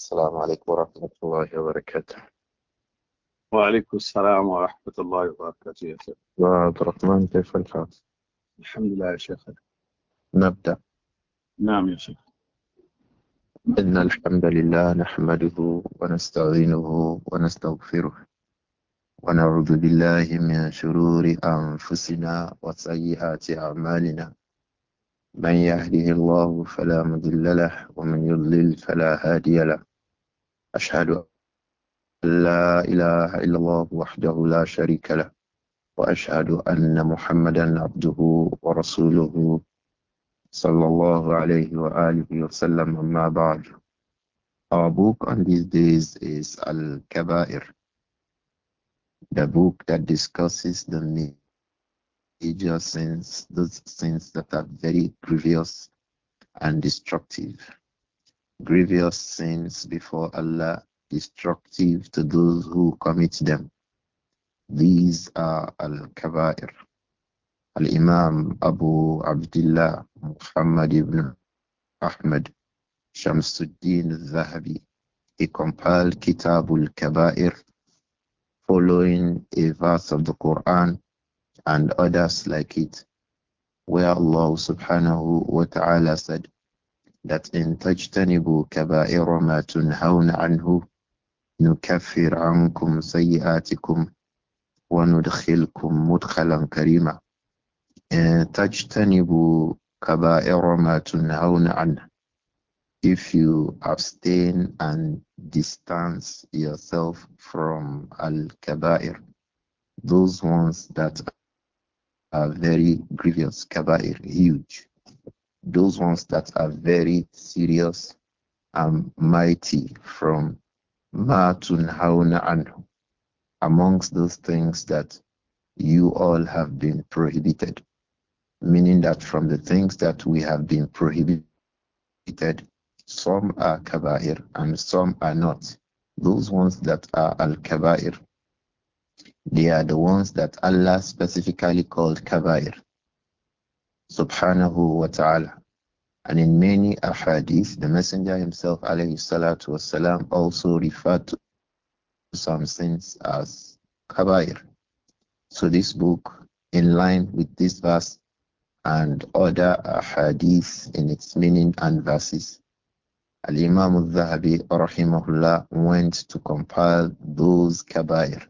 السلام عليكم ورحمة الله وبركاته وعليكم السلام ورحمة الله وبركاته يا شيخ عبد الرحمن كيف الحال؟ الحمد لله يا شيخ نبدأ نعم يا شيخ إن الحمد لله نحمده ونستعينه ونستغفره ونعوذ بالله من شرور أنفسنا وسيئات أعمالنا من يهده الله فلا مضل له ومن يضلل فلا هادي له أشهد أن لا إله إلا الله وحده لا شريك له وأشهد أن محمدا عبده ورسوله صلى الله عليه وآله وسلم أما بعد Our book on these days is Al-Kabair, the book that discusses the major sins, those sins that are very grievous and destructive. grievous sins before Allah, destructive to those who commit them. These are al-kaba'ir. Al-Imam Abu Abdullah Muhammad ibn Ahmad Shamsuddin al-Zahabi. He compiled Kitabul al-Kaba'ir following a verse of the Quran and others like it where Allah subhanahu wa ta'ala said that in tajtanibu kaba'ira ma tunhauna anhu nukaffir ankum sayyi'atikum wa nudkhilkum mudkhalan karima in tajtanibu kaba'ira ma tunhauna anhu if you abstain and distance yourself from al-kaba'ir those ones that are very grievous kaba'ir huge those ones that are very serious and mighty from Matun Hauna and amongst those things that you all have been prohibited. Meaning that from the things that we have been prohibited, some are kaba'ir and some are not. Those ones that are al kaba'ir, they are the ones that Allah specifically called kaba'ir subhanahu wa ta'ala. And in many ahadith, the Messenger himself, alayhi salatu wasalam, also referred to some sins as kabair. So this book, in line with this verse and other ahadith in its meaning and verses, Al-Imam al-Zahabi, rahimahullah, went to compile those kabair,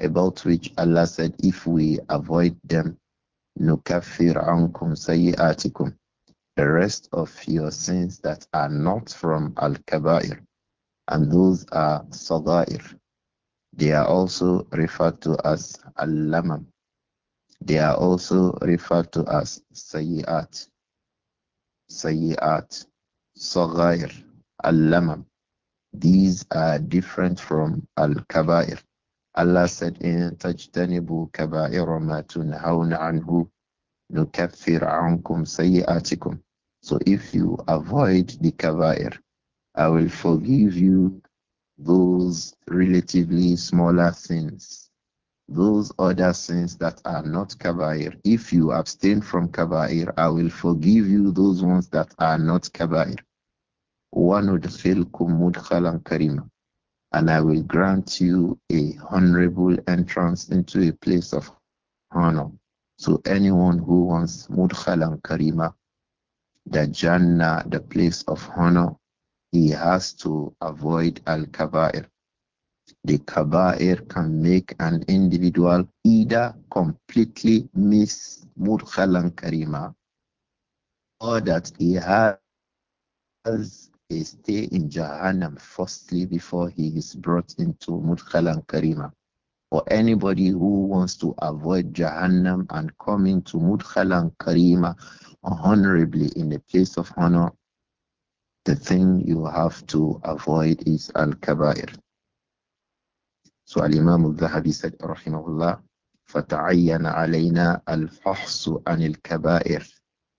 about which Allah said, if we avoid them, ankum The rest of your sins that are not from al-kaba'ir, and those are sagair. They are also referred to as al-lamam. They are also referred to as sayi'at, sayi'at, sagair, al-lamam. These are different from al-kaba'ir. Allah said, In tajtanibu kaba'ira ma tunhauna anhu Kafir ankum sayi'atikum. So if you avoid the kaba'ir, I will forgive you those relatively smaller sins, those other sins that are not kaba'ir. If you abstain from kaba'ir, I will forgive you those ones that are not kaba'ir. وَنُدْخِلْكُمْ مُدْخَلًا Karima and I will grant you a honorable entrance into a place of honor. So anyone who wants Mudkhal and Karima, the Jannah, the place of honor, he has to avoid Al Kaba'ir. The Kaba'ir can make an individual either completely miss Mudkhal and Karima or that he has he stay in Jahannam firstly before he is brought into Mudkhal and Karima. For anybody who wants to avoid Jahannam and come into Mudkhal and Karima honorably in a place of honor, the thing you have to avoid is Al Kabair. So Al Imam al Zahabi said, Rahimahullah, فتعين علينا Fahsu anil-Kabair.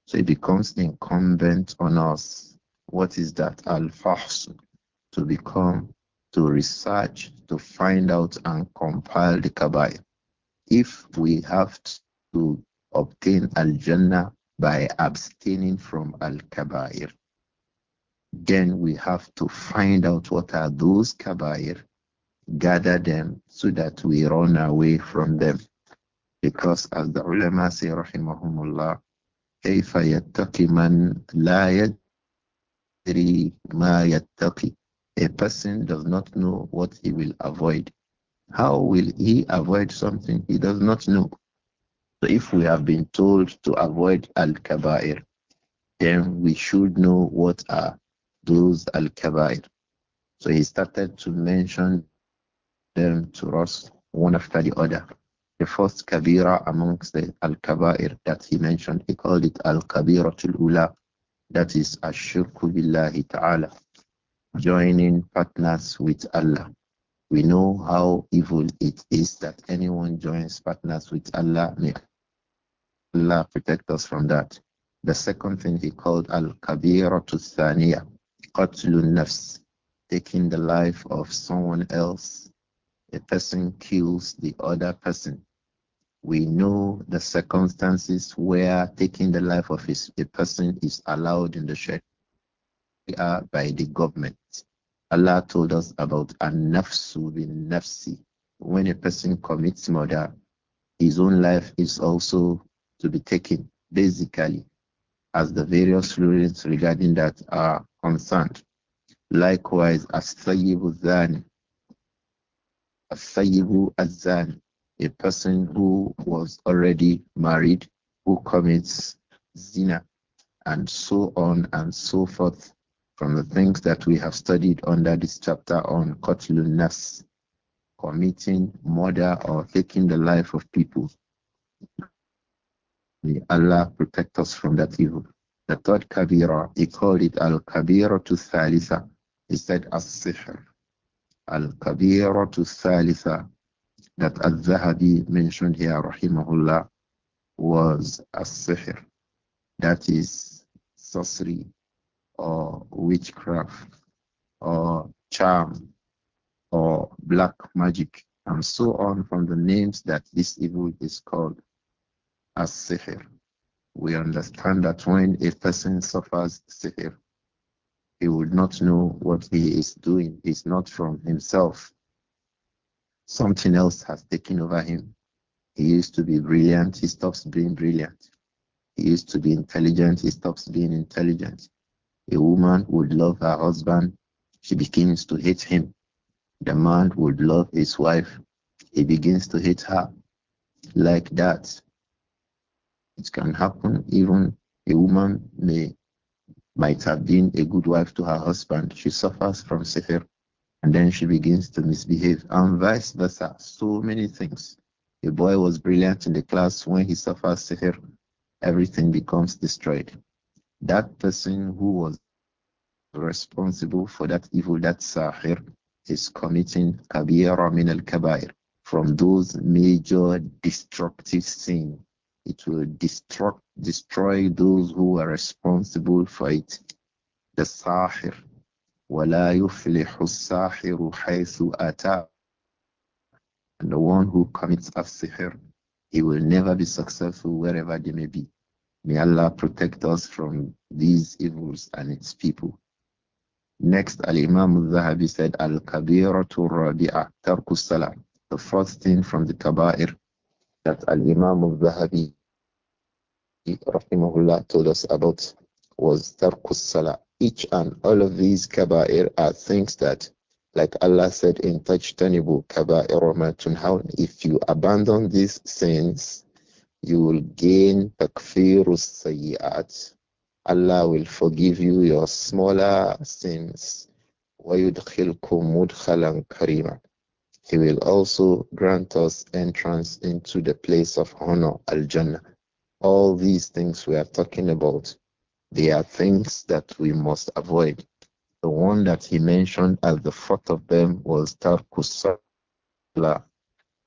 So it becomes incumbent on us what is that? Al fahs to become, to research, to find out and compile the kabay If we have to obtain al jannah by abstaining from al kabair, then we have to find out what are those kabair, gather them so that we run away from them. Because as the ulama say, rahimahumullah, كيف يتقي من لا ma yattaqi. A person does not know what he will avoid. How will he avoid something he does not know? So if we have been told to avoid al-kaba'ir, then we should know what are those al-kaba'ir. So he started to mention them to us one after the other. The first kabira amongst the al-kaba'ir that he mentioned, he called it al-kabiratul ula that is ashirku billahi ta'ala, joining partners with Allah. We know how evil it is that anyone joins partners with Allah. May Allah protect us from that. The second thing he called al kabira to thaniya, qatlun nafs, taking the life of someone else. A person kills the other person we know the circumstances where taking the life of his, a person is allowed in the Sharia by the government. Allah told us about an bin nafsi. When a person commits murder, his own life is also to be taken, basically, as the various rulings regarding that are concerned. Likewise, as sayyibu zani, as sayyibu azani, a person who was already married who commits zina and so on and so forth from the things that we have studied under this chapter on Kotlun Nafs, committing murder or taking the life of people. May Allah protect us from that evil. The third Kabira, he called it Al Kabira to Thalitha. He said As Sihr. Al Kabira to Thalitha that Al-Zahabi mentioned here, rahimahullah, was a that is sorcery or witchcraft or charm or black magic and so on from the names that this evil is called as-sihr. We understand that when a person suffers sihr, he would not know what he is doing. It's not from himself something else has taken over him. He used to be brilliant, he stops being brilliant. He used to be intelligent, he stops being intelligent. A woman would love her husband, she begins to hate him. The man would love his wife, he begins to hate her. Like that. It can happen even a woman may might have been a good wife to her husband. She suffers from severe and then she begins to misbehave, and vice versa. So many things. A boy was brilliant in the class when he suffers sihr, everything becomes destroyed. That person who was responsible for that evil, that sahir, is committing kabira min al kabair from those major destructive sins. It will destruct, destroy those who are responsible for it. The sahir, وَلَا يُفْلِحُ السَّاحِرُ حَيْثُ أَتَى And the one who commits as-sihr, he will never be successful wherever they may be. May Allah protect us from these evils and its people. Next, Al-Imam al-Zahabi said, Al-Kabiratu Rabi'a Tarku Salam. The first thing from the Kaba'ir that Al-Imam al-Zahabi rahimahullah told us about was Tarku Salah, each and all of these kaba'ir are things that, like Allah said in Tajtanibu kaba'ir if you abandon these sins, you will gain takfirus sayyat. Allah will forgive you your smaller sins. وَيُدْخِلْكُمْ مُدْخَلًا karima. He will also grant us entrance into the place of honor, Al-Jannah. All these things we are talking about there are things that we must avoid. The one that he mentioned as the fourth of them was Tarkusala,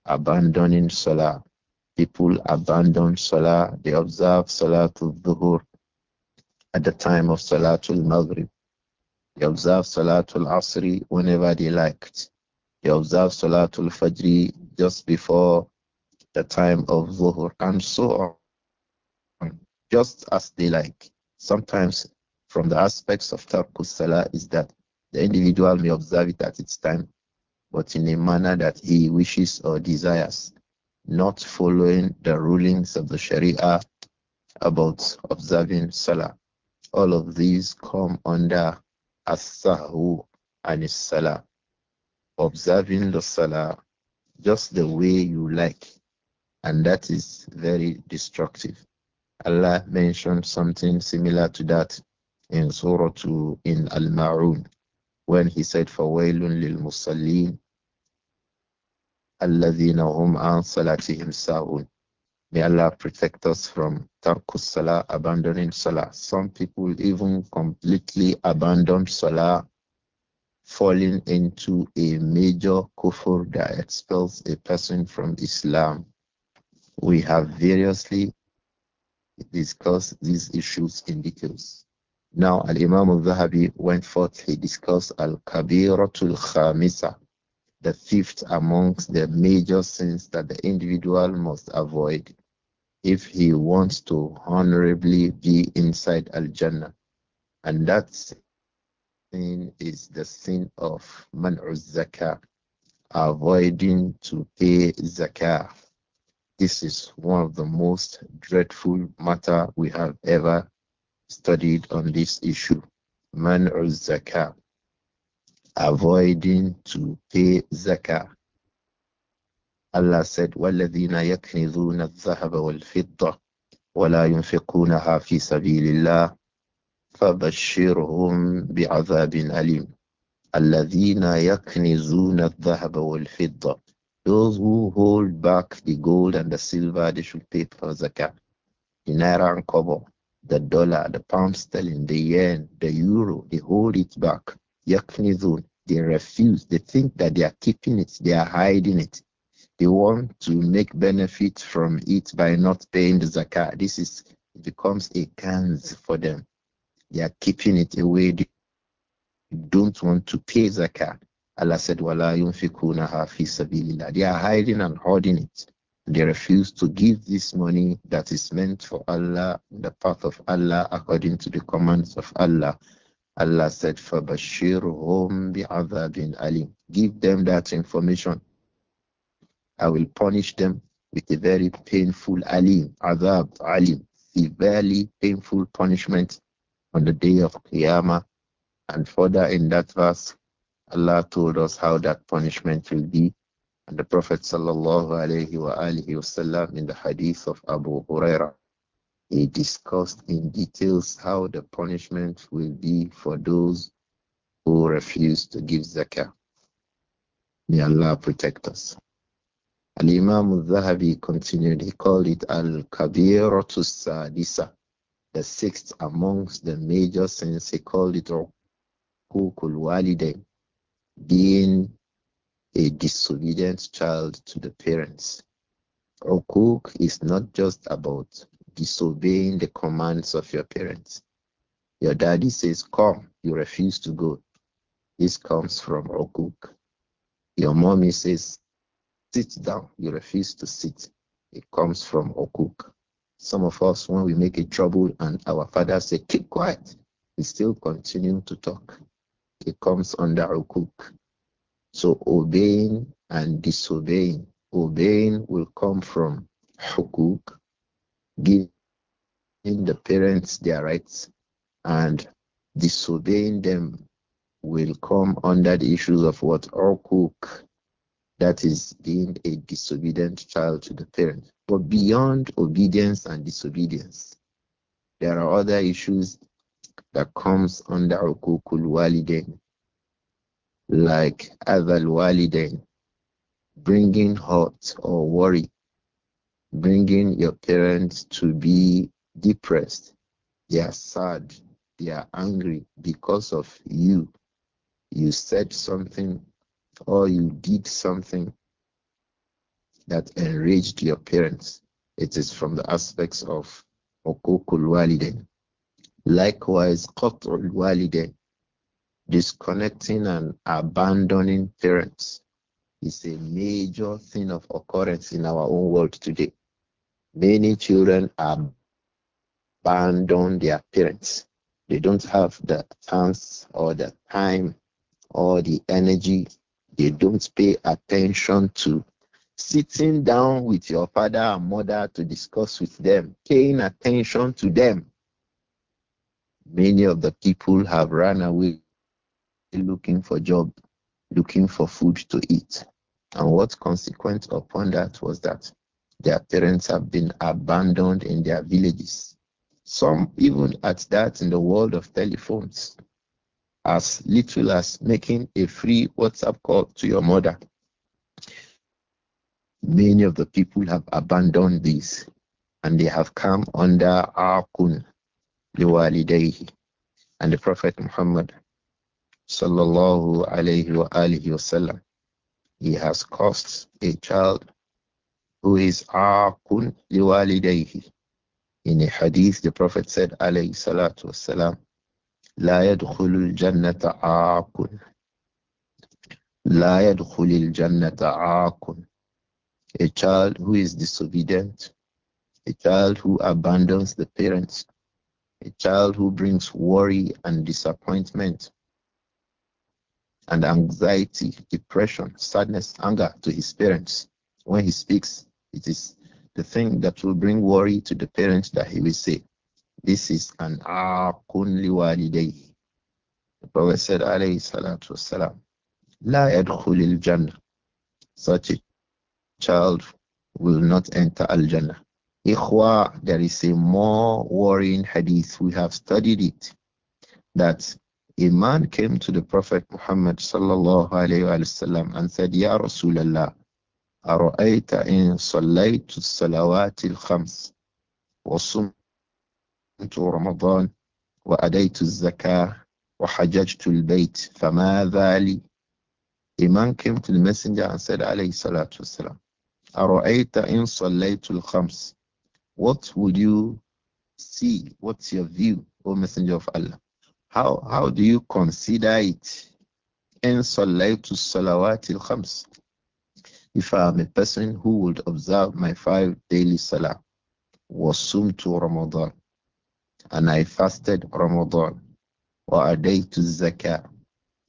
abandoning Salah. People abandon Salah, they observe to Dhuhr at the time of salah to Maghrib. They observe Salatul Asri whenever they liked. They observe Salatul Fajr just before the time of zohor and so on, just as they like. Sometimes, from the aspects of Tarkus Salah, is that the individual may observe it at its time, but in a manner that he wishes or desires, not following the rulings of the Sharia about observing Salah. All of these come under As-Sahu and Salah. Observing the Salah just the way you like, and that is very destructive. Allah mentioned something similar to that in Surah 2 in Al Ma'un when he said, Fawailun lil Musallin, Alladhina hum an salatihim sa'un. May Allah protect us from tarkus salah, abandoning salah. Some people even completely abandon salah, falling into a major kufr that expels a person from Islam. We have variously discussed these issues in details. Now, Al Imam al Zahabi went forth, he discussed Al Kabiratul Khamisa, the fifth amongst the major sins that the individual must avoid if he wants to honorably be inside Al Jannah. And that sin is the sin of Man'uz Zakah, avoiding to pay Zakah this is one of the most dreadful matter we have ever studied on this issue. Man or zakah, avoiding to pay zakah. Allah said, وَالَّذِينَ يَكْنِذُونَ الذَّهَبَ وَالْفِضَّةَ وَلَا يُنْفِقُونَهَا فِي سَبِيلِ اللَّهِ فَبَشِّرْهُمْ بِعَذَابٍ أَلِيمٍ الَّذِينَ يَكْنِزُونَ الذَّهَبَ وَالْفِضَّةَ those who hold back the gold and the silver, they should pay for zakat. The naira and kobo, the dollar, the pound sterling, the yen, the euro, they hold it back. Yaknizun, they refuse. They think that they are keeping it, they are hiding it. They want to make benefit from it by not paying the zakat. This is becomes a cans for them. They are keeping it away. They don't want to pay zakat. Allah said, Wala yunfikunaha fi sabilillah. They are hiding and hoarding it. They refuse to give this money that is meant for Allah, the path of Allah, according to the commands of Allah. Allah said, bi bi'adhabin alim. Give them that information. I will punish them with a very painful alim, adab, alim, severely painful punishment on the day of Qiyamah. And further in that verse, Allah told us how that punishment will be. And the Prophet sallallahu alaihi wasallam in the hadith of Abu Huraira, he discussed in details how the punishment will be for those who refuse to give zakah. May Allah protect us. Al Imam al Zahabi continued, he called it Al kabiratus Sadisa, the sixth amongst the major sins. He called it Hukul Walidain, being a disobedient child to the parents. Hukuk is not just about disobeying the commands of your parents. Your daddy says, Come, you refuse to go. This comes from Hukuk. Your mommy says, Sit down, you refuse to sit. It comes from Hukuk. Some of us, when we make a trouble and our father say, Keep quiet, we still continue to talk it comes under hukuk. So obeying and disobeying. Obeying will come from hukuk, giving the parents their rights, and disobeying them will come under the issues of what hukuk, that is being a disobedient child to the parent. But beyond obedience and disobedience, there are other issues that comes under Ukukul Walidain, like Adal Walidain, bringing hurt or worry, bringing your parents to be depressed. They are sad, they are angry because of you. You said something or you did something that enraged your parents. It is from the aspects of Okokul Waliden. Likewise, Qatrul Walidain, disconnecting and abandoning parents, is a major thing of occurrence in our own world today. Many children abandon their parents. They don't have the chance or the time or the energy. They don't pay attention to sitting down with your father and mother to discuss with them, paying attention to them. Many of the people have run away looking for job, looking for food to eat. And what consequence upon that was that their parents have been abandoned in their villages. Some even at that in the world of telephones, as little as making a free WhatsApp call to your mother. Many of the people have abandoned these and they have come under our Akun, liwalidayhi. And the Prophet Muhammad sallallahu alayhi wa alihi wasallam, he has cursed a child who is aakun liwalidayhi. In a hadith, the Prophet said alayhi salatu wasalam, لا يدخل الجنة عاق لا يدخل الجنة عاق a child who is disobedient, a child who abandons the parents, a child who brings worry and disappointment and anxiety, depression, sadness, anger to his parents. When he speaks, it is the thing that will bring worry to the parents that he will say, This is an akunli walidayi. The Prophet said, alayhi salatu wasalam, La yadkhulil jannah. Such a child will not enter al jannah. Ikhwa, there is a more worrying hadith. We have studied it. That a man came to the Prophet Muhammad sallallahu alayhi wasallam and said, Ya Rasulallah, أرأيت إن صليت الصلوات الخمس وصمت رمضان وأديت الزكاة وحججت البيت فما لي؟ A man came to the messenger and said, عليه الصلاة والسلام, أرأيت إن صليت الخمس what would you see? What's your view, O Messenger of Allah? How how do you consider it? In Salaitu Salawatil Khams. If I am a person who would observe my five daily salah, was to Ramadan, and I fasted Ramadan, day to zakah,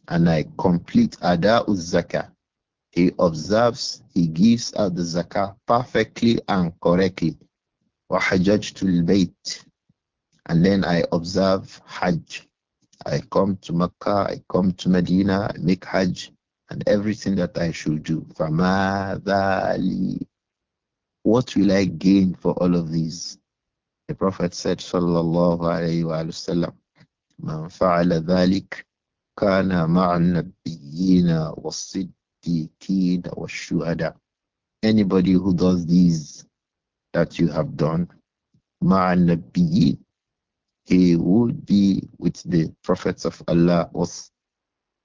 and I complete ada'u zakah. He observes, he gives out the zakah perfectly and correctly. وَحَجَّجْتُ الْبَيْتِ And then I observe Hajj. I come to Mecca, I come to Medina, I make Hajj, and everything that I should do. فَمَاذَا What will I gain for all of these? The Prophet said, Sallallahu Alaihi Wasallam, مَنْ فَعَلَ ذَلِكَ كَانَ مَعَ النَّبِيِّينَ وَالصِّدِّيقِينَ وَالشُّهَدَاءِ Anybody who does these that you have done, be he would be with the prophets of Allah was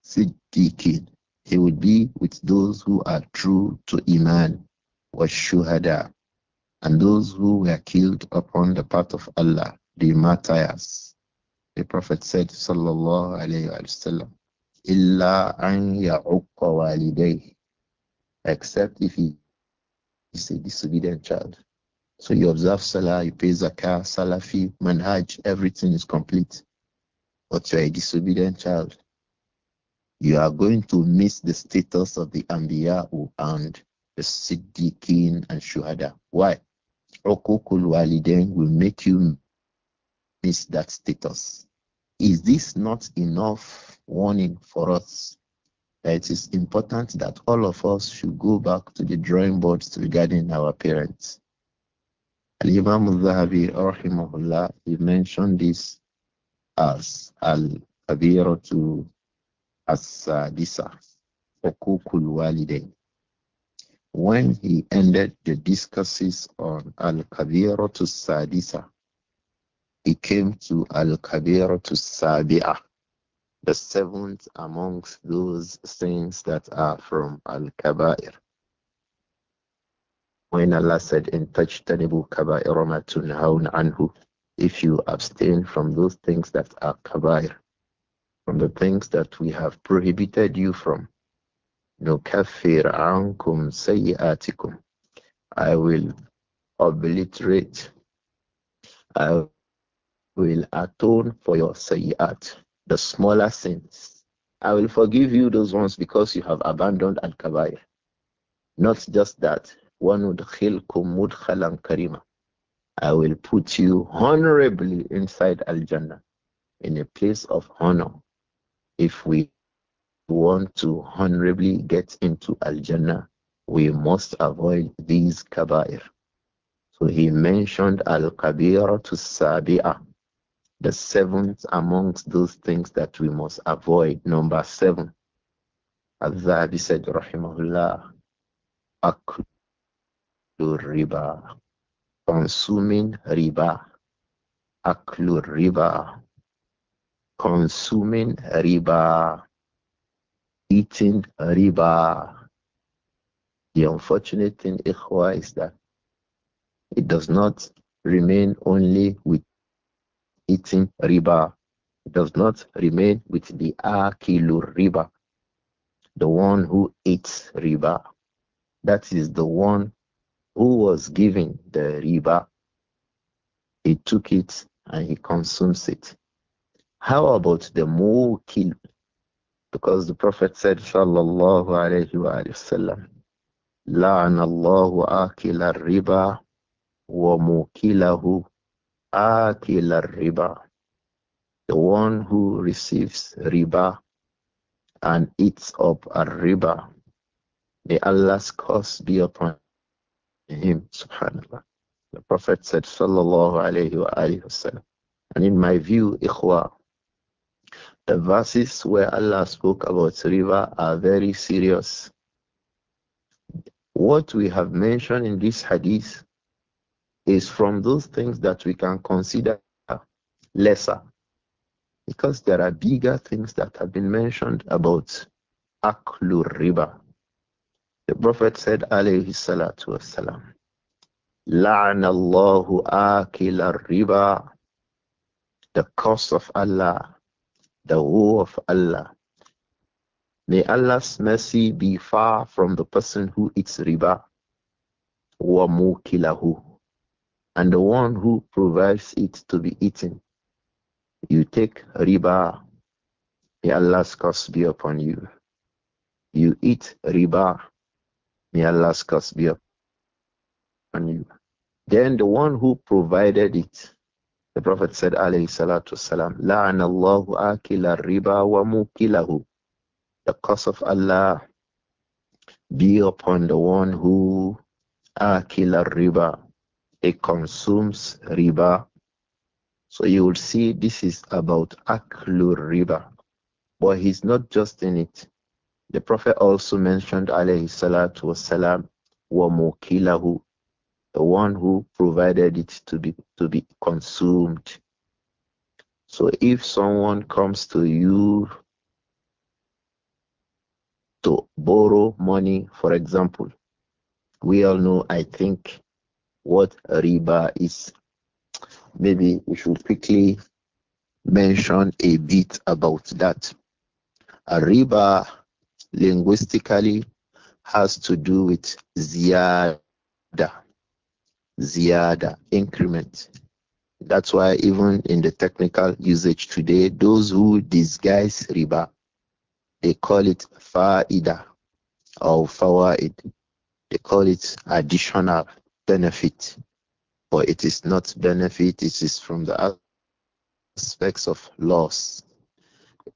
Siddiqin. He would be with those who are true to Iman, was Shuhada, and those who were killed upon the path of Allah, the martyrs. The Prophet said, Sallallahu Alaihi Wasallam, Illa an ya'uqqa walidayh, except if he is a disobedient child. So you observe Salah, you pay Zakah, Salafi, Manhaj, everything is complete. But you are a disobedient child. You are going to miss the status of the Anbiya and the Siddiqeen and Shuhada. Why? Okukul Walidain will make you miss that status. Is this not enough warning for us? That it is important that all of us should go back to the drawing boards regarding our parents and Imam al-Zahabi, rahimahullah, he mentioned this as al-kabiratu as-sadisa, hukukul walidain. When he ended the discourses on al-kabiratu to sadisa he came to al-kabiratu to sabiah the seventh amongst those things that are from al-kabair. When Allah said, In touch tanibu kaba'irama tunhaun anhu, if you abstain from those things that are kabair, from the things that we have prohibited you from, no kafir ankum sayyatikum. I will obliterate, I will atone for your sayyat, the smaller sins. I will forgive you those ones because you have abandoned Al Kabair. Not just that, وَنُدْخِلْكُمْ مُدْخَلًا كَرِيمًا I will put you honorably inside Al-Jannah, in a place of honor. If we want to honorably get into Al-Jannah, we must avoid these kabair. So he mentioned Al-Kabira to Sabi'ah, the seventh amongst those things that we must avoid. Number seven. Al-Dhabi said, Rahimahullah, aklu riba, consuming riba, aklu riba, consuming riba, eating riba. The unfortunate thing, Ikhwa, is that it does not remain only with eating riba. It does not remain with the akilu riba, the one who eats riba. That is the one who was given the riba, he took it and he consumes it. How about the mukil? Because the Prophet said, Sallallahu alayhi wa sallam, riba wa آكل hu وموكله آكل riba." The one who receives riba and eats up a riba. May Allah's curse be upon him, subhanAllah. The Prophet said, Sallallahu alayhi wa wasallam. And in my view, ikhwa, the verses where Allah spoke about river are very serious. What we have mentioned in this hadith is from those things that we can consider lesser. Because there are bigger things that have been mentioned about aklur riba, the Prophet said, alayhi salatu wasalam, لَعْنَ اللَّهُ آكِلَ riba The curse of Allah, the woe of Allah. May Allah's mercy be far from the person who eats riba, wa mukilahu, And the one who provides it to be eaten. You take riba, may Allah's curse be upon you. You eat riba, May Allah's curse be upon you. Then the one who provided it, the Prophet said, alayhi salatu wasalam, La'anallahu akila riba wa mukilahu. The curse of Allah be upon the one who akila riba. It consumes riba. So you will see this is about aklu riba. But he's not just in it. The Prophet also mentioned alayhi salatu wasalam wa mukilahu, the one who provided it to be to be consumed. So if someone comes to you to borrow money, for example, we all know, I think, what riba is. Maybe we should quickly mention a bit about that. A riba linguistically has to do with ziyada, ziyada, increment. That's why even in the technical usage today, those who disguise riba, they call it fa'ida or fawaid. They call it additional benefit, but it is not benefit. It is from the aspects of loss.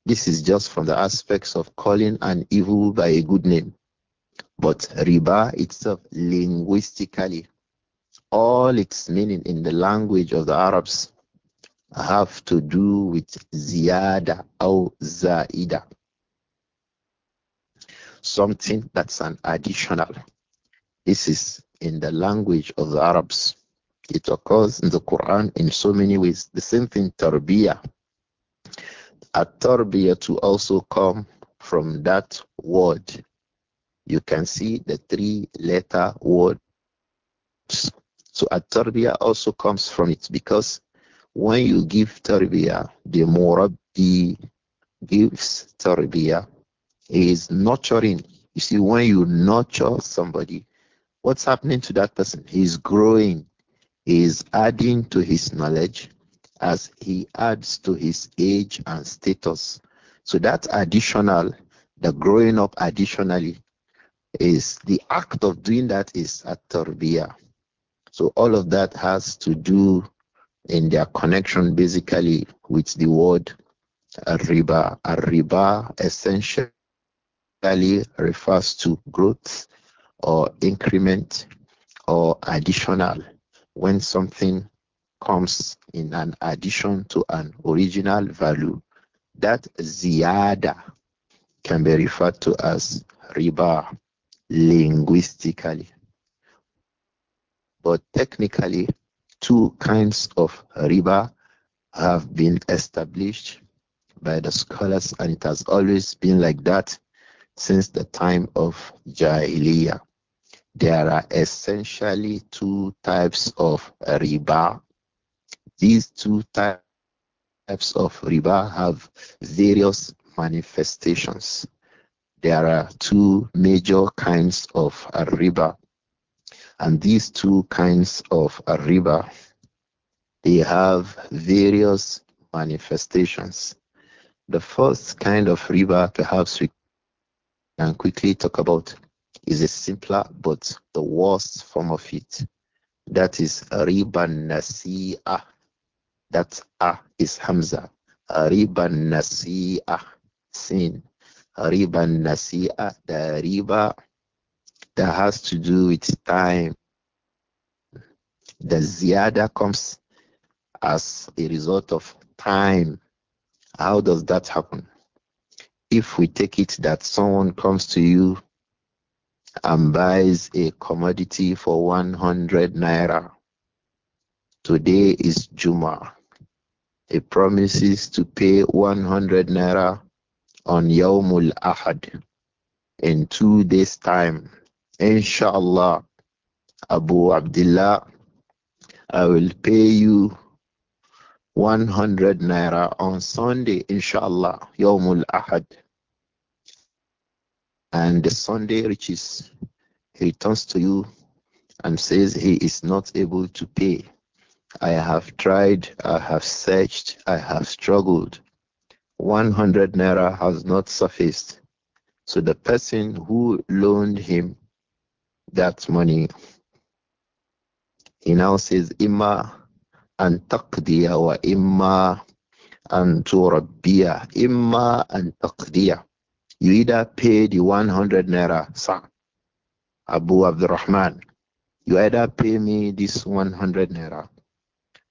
This is just from the aspects of calling an evil by a good name. But riba itself, linguistically, all its meaning in the language of the Arabs have to do with ziyada or zaida. Something that's an additional. This is in the language of the Arabs. It occurs in the Quran in so many ways. The same thing, tarbiyah at to also come from that word. You can see the three letter word. So at also comes from it because when you give tarbiyah, the murabbi gives tarbiyah. is nurturing. You see, when you nurture somebody, what's happening to that person? He's growing. He's adding to his knowledge as he adds to his age and status. So that additional, the growing up additionally, is the act of doing that is a tarbiyah. So all of that has to do in their connection basically with the word arriba. Arriba essentially refers to growth or increment or additional when something comes in an addition to an original value, that ziyada can be referred to as riba linguistically. But technically, two kinds of riba have been established by the scholars, and it has always been like that since the time of Jahiliyyah. There are essentially two types of riba these two types of riba have various manifestations. There are two major kinds of riba, and these two kinds of riba they have various manifestations. The first kind of riba, perhaps we can quickly talk about, is a simpler but the worst form of it. That is riba nasi'ah. That's a is Hamza. Riba nasi'ah, sin. Riba nasi'a the riba that has to do with time. The ziyada comes as a result of time. How does that happen? If we take it that someone comes to you and buys a commodity for 100 naira, today is Juma. He promises to pay 100 naira on Yawmul Ahad in two days' time. Inshallah, Abu Abdullah, I will pay you 100 naira on Sunday, inshallah, Yawmul Ahad. And the Sunday reaches, he returns to you and says he is not able to pay. I have tried, I have searched, I have struggled. 100 naira has not sufficed. So the person who loaned him that money, he now says, Imma and taqdiya wa imma and turabbiya, imma and taqdiya. You either pay the 100 naira, sir, Abu Abdurrahman. You either pay me this 100 naira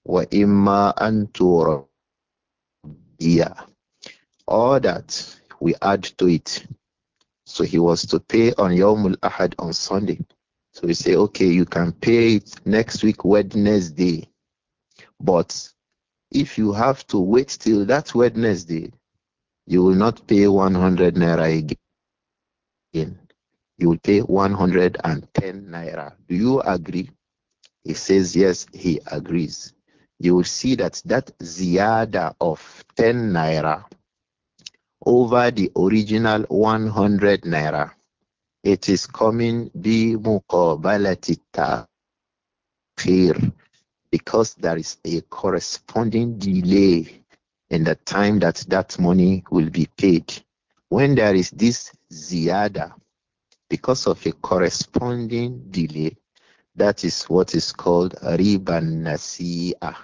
وَإِمَّا أَن تُرَبِّيَ All that we add to it. So he was to pay on Yawmul Ahad on Sunday. So we say, okay, you can pay it next week, Wednesday. But if you have to wait till that Wednesday, you will not pay 100 naira again. You will pay 110 naira. Do you agree? He says, yes, he agrees you will see that that ziyada of 10 naira over the original 100 naira, it is coming bi muqabalati because there is a corresponding delay in the time that that money will be paid. When there is this ziyada, because of a corresponding delay, that is what is called riba nasi'ah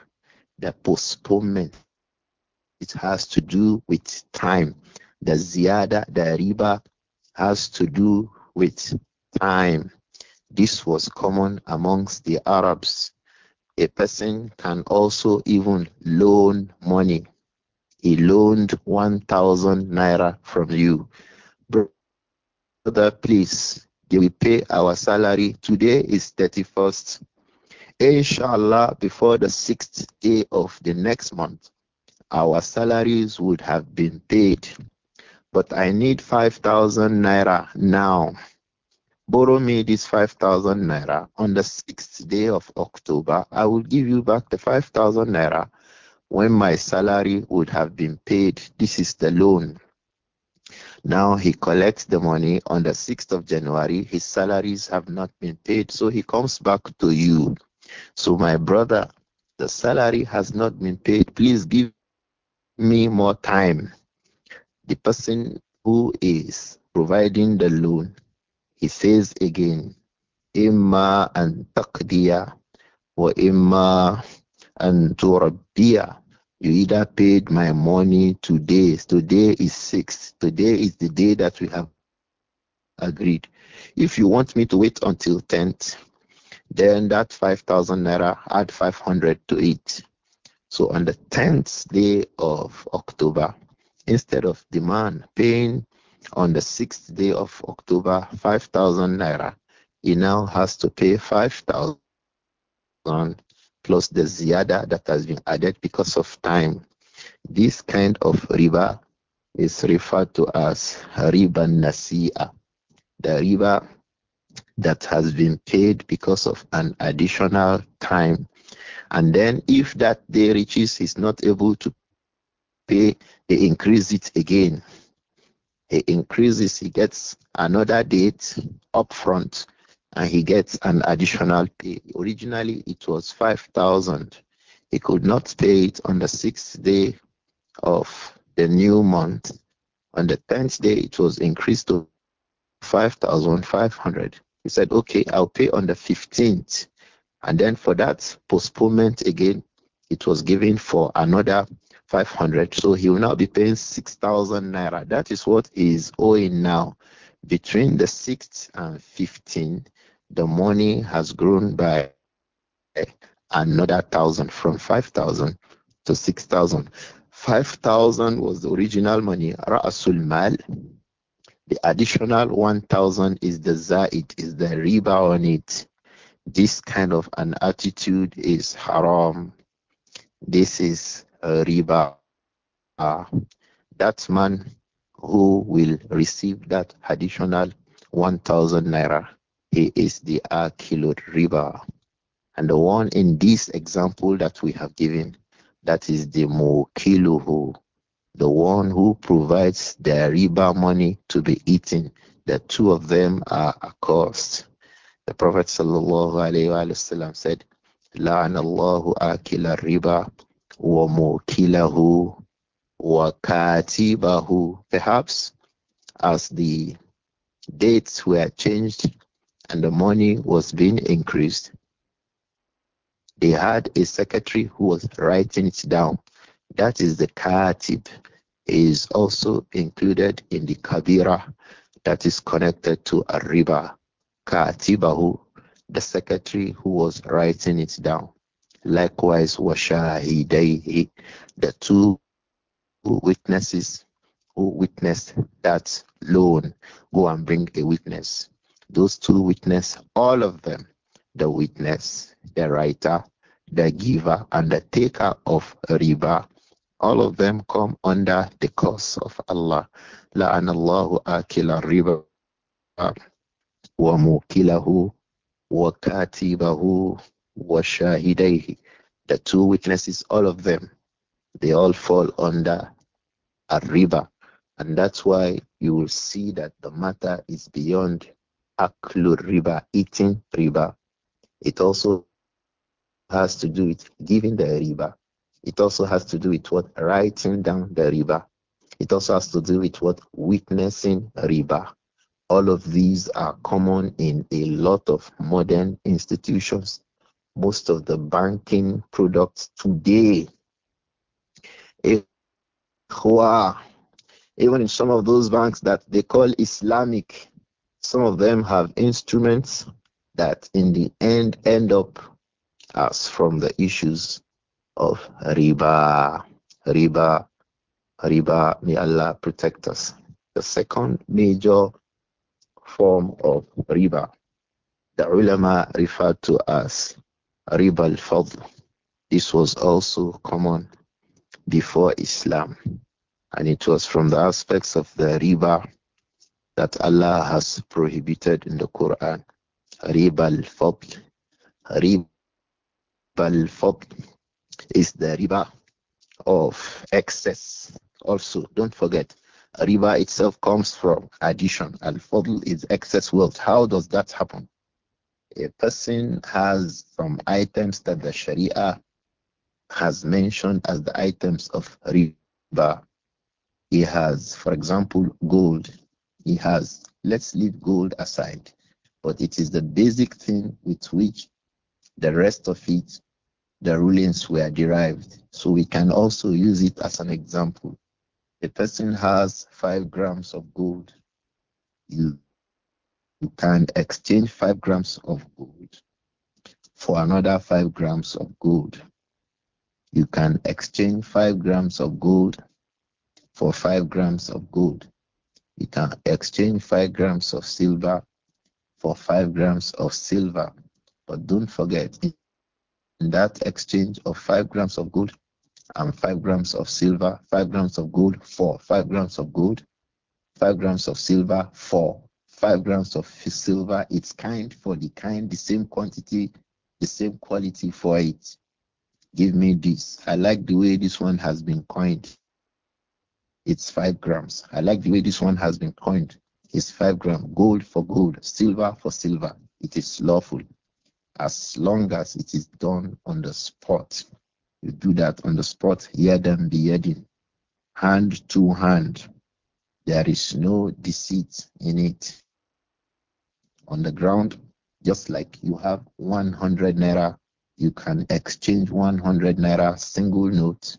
the postponement. It has to do with time. The ziyada, the riba has to do with time. This was common amongst the Arabs. A person can also even loan money. He loaned 1,000 naira from you. Brother, please, we pay our salary. Today is 31st Inshallah, before the sixth day of the next month, our salaries would have been paid. But I need 5,000 naira now. Borrow me this 5,000 naira. On the sixth day of October, I will give you back the 5,000 naira when my salary would have been paid. This is the loan. Now he collects the money on the 6th of January. His salaries have not been paid, so he comes back to you. So, my brother, the salary has not been paid. Please give me more time. The person who is providing the loan, he says again, Imma and taqdiya or imma and turabbiya. You either paid my money today. Today is six. Today is the day that we have agreed. If you want me to wait until 10th, then that 5,000 naira add 500 to it. So on the 10th day of October, instead of the man paying on the 6th day of October 5,000 naira, he now has to pay 5,000 plus the ziyada that has been added because of time. This kind of riba is referred to as riba nasi'a. The riba that has been paid because of an additional time. And then if that day reaches, he's not able to pay, he increases it again. He increases, he gets another date upfront, and he gets an additional pay. Originally, it was 5,000. He could not pay it on the sixth day of the new month. On the tenth day, it was increased to 5,500. He said, okay, I'll pay on the 15th. And then for that postponement again, it was given for another 500. So he will now be paying 6,000 naira. That is what he is owing now. Between the 6th and 15th, the money has grown by another thousand from 5,000 to 6,000. 5,000 was the original money, Ra'asul Mal the additional 1,000 is the za'id, is the riba on it. This kind of an attitude is haram. This is riba. Uh, that man who will receive that additional 1,000 naira, he is the akilud riba. And the one in this example that we have given, that is the mukiluhu, the one who provides the riba money to be eaten. The two of them are accursed. The Prophet ﷺ said, لعن الله آكل الربا وموكله وكاتبه Perhaps as the dates were changed and the money was being increased, they had a secretary who was writing it down. That is the katib is also included in the kabira that is connected to arriba Kaatibahu, the secretary who was writing it down likewise Hidayi, the two witnesses who witnessed that loan go and bring a witness those two witnesses, all of them the witness the writer the giver and the taker of riba all of them come under the curse of Allah. لَأَنَ wa آكِلَ الرِّبَى وَمُوكِلَهُ wa وَشَاهِدَيْهِ The two witnesses, all of them, they all fall under a river. And that's why you will see that the matter is beyond aklu riba, eating riba. It also has to do with giving the river. It also has to do with what writing down the riba. It also has to do with what witnessing riba. All of these are common in a lot of modern institutions. Most of the banking products today, even in some of those banks that they call Islamic, some of them have instruments that in the end end up as from the issues of riba. Riba, riba, may Allah protect us. The second major form of riba, the ulama referred to as riba al-fadl. This was also common before Islam, and it was from the aspects of the riba that Allah has prohibited in the Quran. Riba al-fadl, riba al-fadl, is the riba of excess. Also, don't forget, riba itself comes from addition. Al fadl is excess wealth. How does that happen? A person has some items that the Sharia has mentioned as the items of riba. He has, for example, gold. He has, let's leave gold aside, but it is the basic thing with which the rest of it the rulings were derived. So we can also use it as an example. A person has five grams of gold. You, you can exchange five grams of gold for another five grams of gold. You can exchange five grams of gold for five grams of gold. You can exchange five grams of silver for five grams of silver. But don't forget, in that exchange of five grams of gold and five grams of silver, five grams of gold for five grams of gold, five grams of silver for five grams of silver, its kind for the kind, the same quantity, the same quality for it. Give me this. I like the way this one has been coined. It's five grams. I like the way this one has been coined. It's five grams. Gold for gold, silver for silver. It is lawful as long as it is done on the spot. You do that on the spot, be biyadin, hand to hand. There is no deceit in it. On the ground, just like you have 100 naira, you can exchange 100 naira single note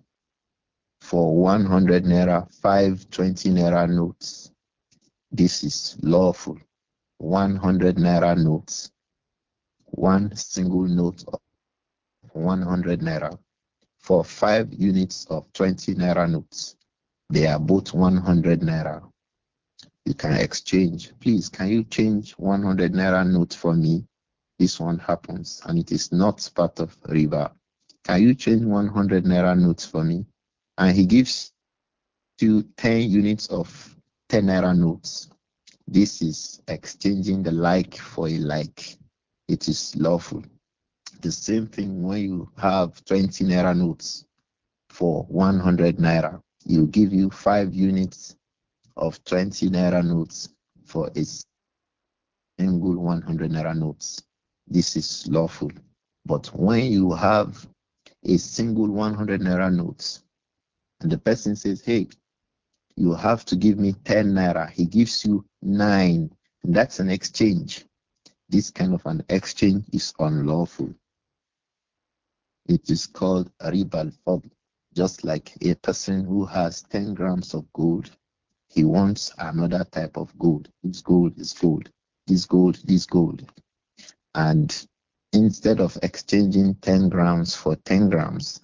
for 100 naira, 520 naira notes. This is lawful. 100 naira notes one single note of 100 naira for five units of 20 naira notes. They are both 100 naira. You can exchange. Please, can you change 100 naira note for me? This one happens and it is not part of river. Can you change 100 naira notes for me? And he gives you 10 units of 10 naira notes. This is exchanging the like for a like it is lawful. The same thing when you have 20 naira notes for 100 naira, you give you five units of 20 naira notes for a single 100 naira notes. This is lawful. But when you have a single 100 naira notes and the person says, Hey, you have to give me 10 naira, he gives you nine. And that's an exchange. This kind of an exchange is unlawful. It is called riba al just like a person who has 10 grams of gold, he wants another type of gold. This gold is gold, this gold, this gold. And instead of exchanging 10 grams for 10 grams,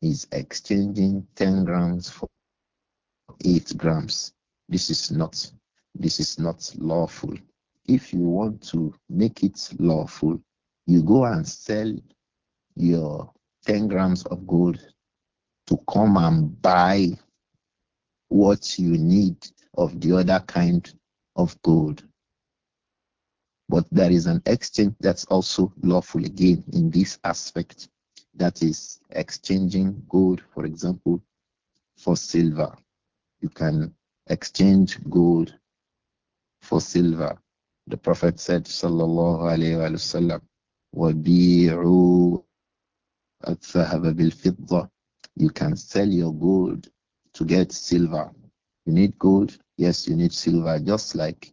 he's exchanging 10 grams for 8 grams. This is not this is not lawful if you want to make it lawful, you go and sell your 10 grams of gold to come and buy what you need of the other kind of gold. But there is an exchange that's also lawful again in this aspect that is exchanging gold, for example, for silver. You can exchange gold for silver. The Prophet said, Sallallahu Alaihi Wasallam, وَبِيعُوا الذهب You can sell your gold to get silver. You need gold? Yes, you need silver. Just like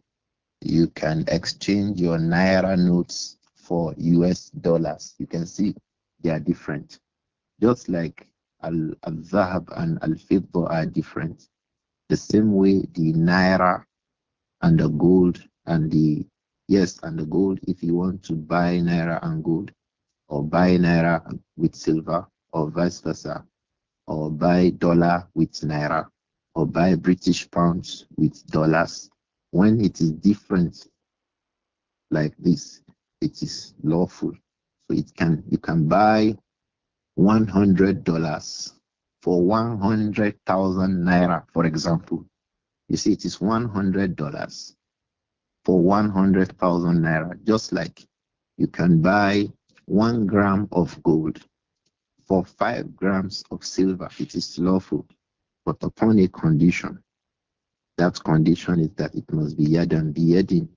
you can exchange your Naira notes for US dollars. You can see they are different. Just like Al-Zahab and Al-Fidda are different. The same way the Naira and the gold and the yes and the gold if you want to buy naira and gold or buy naira with silver or vice versa or buy dollar with naira or buy british pounds with dollars when it is different like this it is lawful so it can you can buy 100 dollars for 100,000 naira for example you see it is 100 dollars for 100,000 naira, just like you can buy one gram of gold for five grams of silver. It is lawful, but upon a condition. That condition is that it must be yad and biyadin.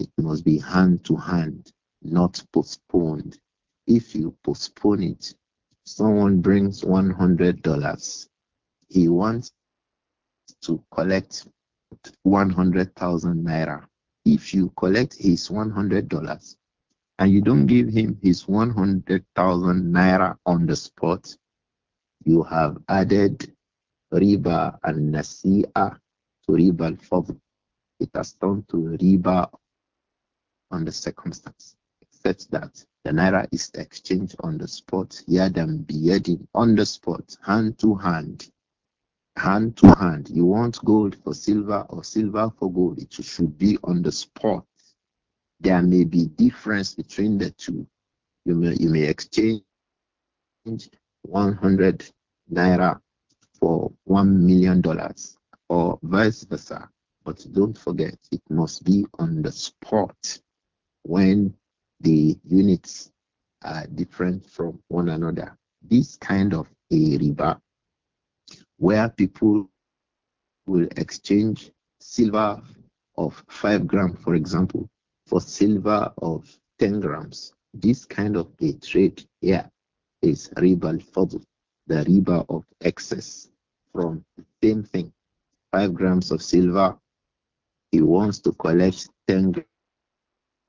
It must be hand to hand, not postponed. If you postpone it, someone brings $100. He wants to collect 100,000 naira if you collect his $100 and you don't give him his 100,000 naira on the spot, you have added riba and nasi'a to riba al-fadl. It has turned to riba on the circumstance, except that the naira is exchanged on the spot, yadam biyadin, on the spot, hand to hand hand to hand. You want gold for silver or silver for gold. It should be on the spot. There may be difference between the two. You may you may exchange 100 naira for one million dollars or vice versa. But don't forget, it must be on the spot when the units are different from one another. This kind of a riba where people will exchange silver of 5 grams, for example, for silver of 10 grams. This kind of a trade here is riba al-fadl, the riba of excess from the same thing. 5 grams of silver, he wants to collect 10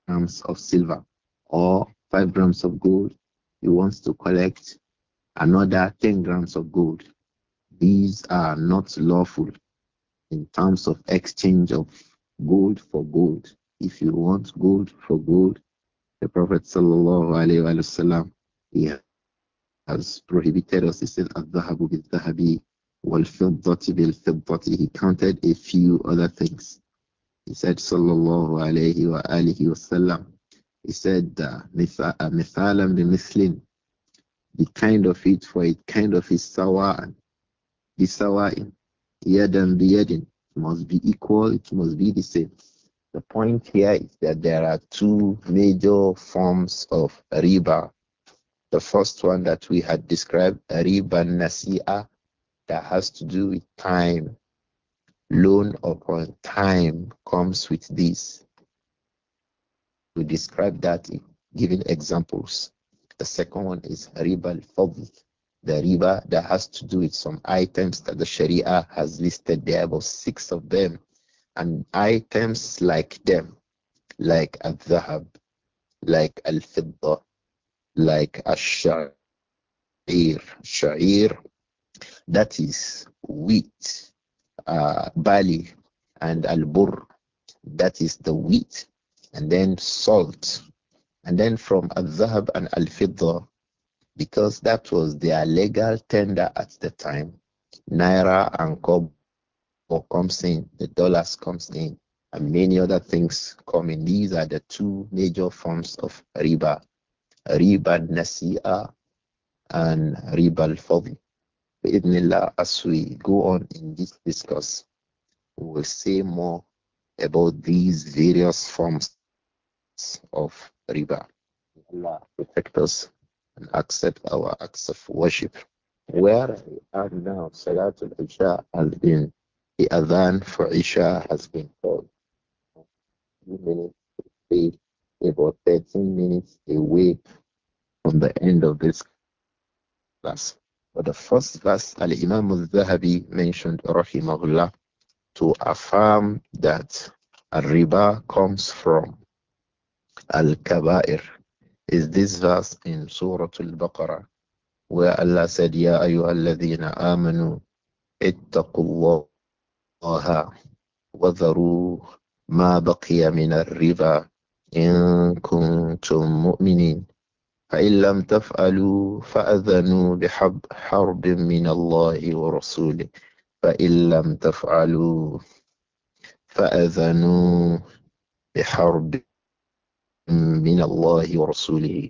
grams of silver or 5 grams of gold, he wants to collect another 10 grams of gold. These are not lawful in terms of exchange of gold for gold. If you want gold for gold, the Prophet وسلم, he has prohibited us. He said, Al-Dhahabu bil-Dhahabi wal-Fiddati bil-Fiddati. He counted a few other things. He said, Sallallahu alayhi wa alihi wasallam. He said, uh, uh, Mithalam bi-Mithlin. The kind of it for it kind of is sawa than the biyadin. It must be equal, it must be the same. The point here is that there are two major forms of riba. The first one that we had described, riba nasi'a, that has to do with time. Loan upon time comes with this. We describe that in giving examples. The second one is riba al-fadl, the river. that has to do with some items that the Sharia has listed there, about six of them, and items like them, like al zahab like al fidda, like al sha'ir, sha'ir, that is wheat, uh, barley, and al bur, that is the wheat, and then salt, and then from al zahab and al fidda because that was their legal tender at the time. Naira and Kobo comes in, the dollars comes in, and many other things come in. These are the two major forms of riba. Riba nasi'a and riba al-fadhi. Ibnillah, as we go on in this discourse, we will say more about these various forms of riba. Allah protect us and accept our acts of worship. Where I am now, al Isha has been, the Adhan for Isha has been called. minutes be about 13 minutes away from the end of this class. But the first verse, Al Imam al Zahabi mentioned, Rahimahullah, to affirm that riba comes from Al Kaba'ir, is this verse in Surah Al-Baqarah where Allah said, Ya ayyuhalladhina amanu ittaqullaha wadharu ma baqiya min riba in kuntum mu'minin فإن لم تفعلوا فأذنوا بحرب حرب من الله ورسوله فإن لم تفعلوا فأذنوا بحرب من الله ورسوله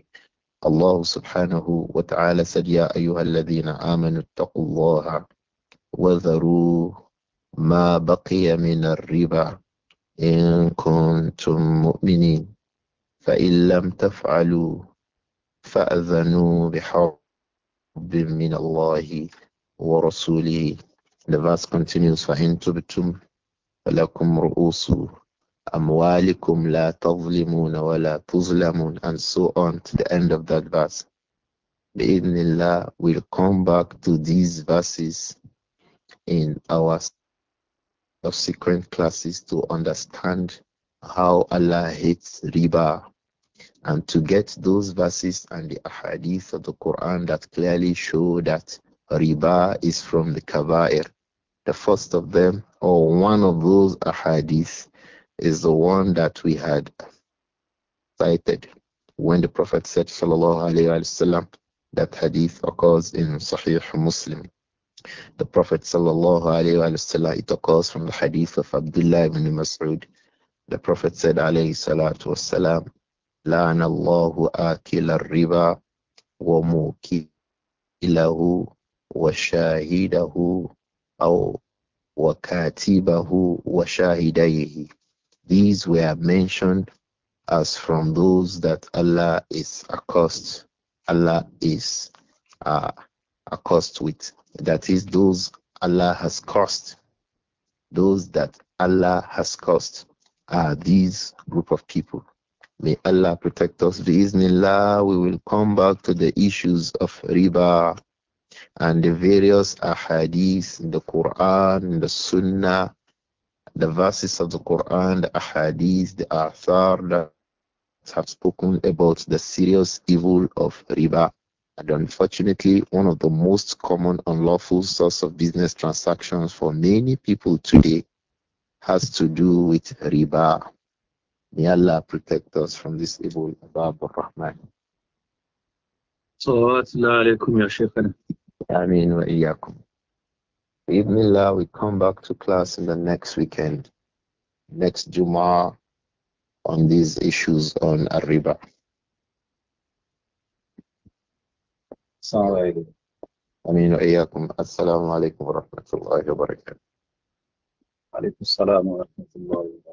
الله سبحانه وتعالى said يا أيها الذين آمنوا اتقوا الله وذروا ما بقي من الربا إن كنتم مؤمنين فإن لم تفعلوا فأذنوا بحرب من الله ورسوله The verse continues فإن تبتم فلكم رؤوس amwalikum la tazlimuna wa la tuzlamun and so on to the end of that verse. Bi'idhnillah, we'll come back to these verses in our subsequent classes to understand how Allah hates riba and to get those verses and the ahadith of the Quran that clearly show that riba is from the kaba'ir. The first of them, or one of those ahadith, is the one that we had cited when the Prophet said, Sallallahu Alaihi Wasallam, that hadith occurs in Sahih Muslim. The Prophet Sallallahu Alaihi Wasallam, it occurs from the hadith of Abdullah ibn Mas'ud. The Prophet said, Alayhi Salatu Wasallam, لعن الله آكل الربا وموكله وشاهده أو وكاتبه وشاهديه these were mentioned as from those that Allah is accosted, Allah is uh, accosted with. That is, those Allah has cursed, those that Allah has cursed are these group of people. May Allah protect us. Bismillah, we will come back to the issues of riba and the various ahadith in the Quran, in the Sunnah, the verses of the Quran, the ahadith, the athar that have spoken about the serious evil of riba. And unfortunately, one of the most common unlawful source of business transactions for many people today has to do with riba. May Allah protect us from this evil. Abab rahman alaikum as يا شيخنا wa وإياكم if Allah, we come back to class in the next weekend, next Juma, on these issues on Arriba. Aminu ayyakum. Assalamu alaikum wa rahmatullahi Alaykum assalamu wa rahmatullahi